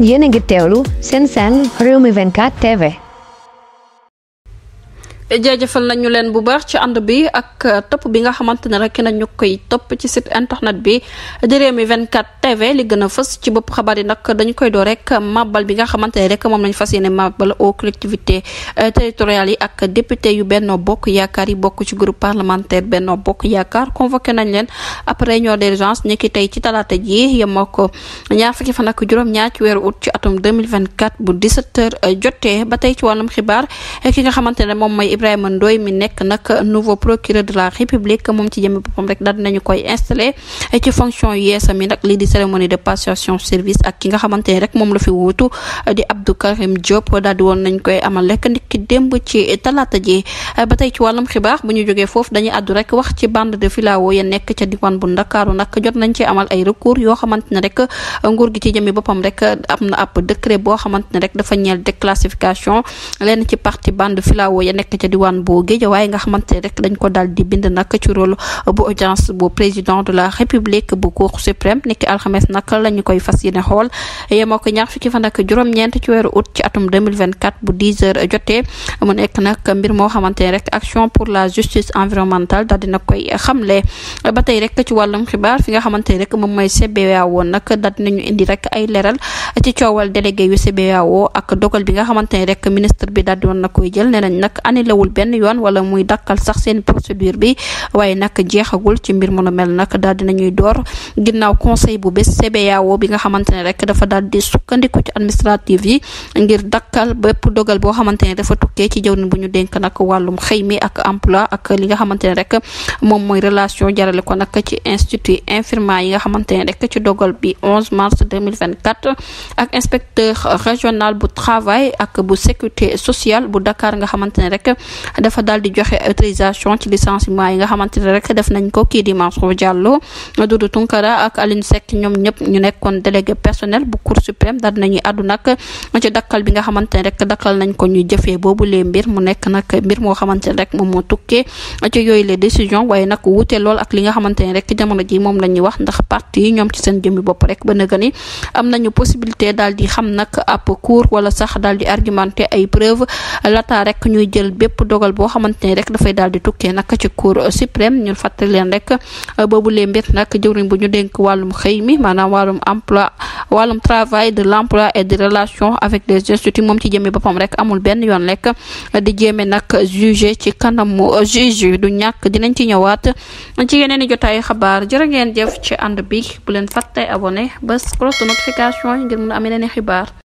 Jene getelu sen sen Rumi Venkat TV. jaajëfal nañu leen bu baax ci ànd bi ak uh, topp bi nga xamante ne rek nañu koy topp ci site internet bi di Rewmi 24 TV li gën a fës ci bopp xabaar yi nag dañu koy doo rek mabal bi nga xamante ne rek moom lañu fas yéene mabal aux collectivités uh, territoriales yi ak député yu Benno Bokk Yaakaar yi bokk ci groupe parlementaire Benno Bokk Yaakaar convoqué nañ leen ab réunion d'urgence niki tey ci talaata ji yemoo ko ñaar fukki fan ak juróom-ñaar ci weeru août ci atum 2024 bu 17 heures uh, jotee ba nga xamante ne moom mooy Ibrahima Ndoye mi nekk nag nouveau procureur de la république moom ci jëme boppam rek daal dinañu koy installé ci fonction yeesam yi nag lii di cérémonie de passation service ak ki nga xamante ni rek moom la fi wuutu di Abdou Karim Diop daal di nañ koy amal rek ndikki démb ci talaata ji ba tey ci wàllum xibaar bu ñu jógee foofu dañuy àddu rek wax ci band de filao ya nekk ca diwaan bu ndakaaru nag jot nañ ci amal ay recours yoo xamante ne rek nguur gi ci jëme boppam rek am na ab décret boo xamante ne rek dafa ñeel déclassification ca diwaan bu Géejawaay nga xamante ne rek dañ ko daal di bind nag ci rôle bu audience président de la république bu cour suprême niki alxames nag la koy fas yéene xool yemoo ko ñaar fukki fan ak juróom-ñeent ci weeru août ci atum 2024 bu 10 heures jotee mu nekk nag mbir moo xamante rek action pour la justice environnementale daal dina koy xamle ba tey rek ci wàllum xibaar fi nga xamante rek ministre bi daal koy jël nee nañ nag teewul benn yoon wala muy dakkal sax seen procédure bi waaye nag jeexagul ci mbir mu nu mel nag daal dinañuy door ginnaaw conseil bu bés CBAO bi nga xamante ne rek dafa daal di sukkandiku ci administrative yi ngir dakkal bépp dogal boo xamante ne dafa tukkee ci jawrin bu ñu dénk nag wàllum mi ak emploi ak li nga xamante ne rek moom mooy relation jarale ko nag ci institut infirmier yi nga xamante ne rek ci dogal bi 11 mars 2024 ak inspecteur régional bu travail ak bu sécurité sociale bu Dakar nga xamante ne rek defa daal di joxe autorisation ci licenciement yi nga xamante ne rek def nañ ko kii di Mansour Diallo Doudou Tunkara ak Aline Seck ñoom ñëpp ñu nekkoon délégué personnel bu Cour suprême daal nañuy àddu nag ci dakkal bi nga xamante ne rek dakkal nañ ko ñu jëfee boobu lee mbir mu nekk nag mbir moo xamante ne rek moom moo tukkee ci yooyu lee décision waaye nag wuute lool ak li nga xamante ne rek jamono ji moom la wax ndax parti yi ñoom ci seen jëmmi bopp rek ba nëga ni am nañu possibilité daal di xam nag ab cour wala sax daal di argumenter ay preuve laata rek ñuy jël bépp pour dogal boo xamante ne rek dafay daal di tukkee nag ci cour suprême ñun fàttali leen rek euh, boobu lee mbir nag jëwriñ bu ñu denk wàllum xëy mi maanaam wàllum emploi wàllum travail de l'emploi et des relations avec les instituts moom ci jëmee boppam rek amul benn yoon rek euh, di jéeme nag jugé ci kanamu euh, juge du ñàkk dinañ ci ñëwaat ci yeneen i jotaayu xabaar jërë ngeen jëf ci ànd bi bu leen fàtte abonné ba cloche de notification ngir mën a am yeneen xibaar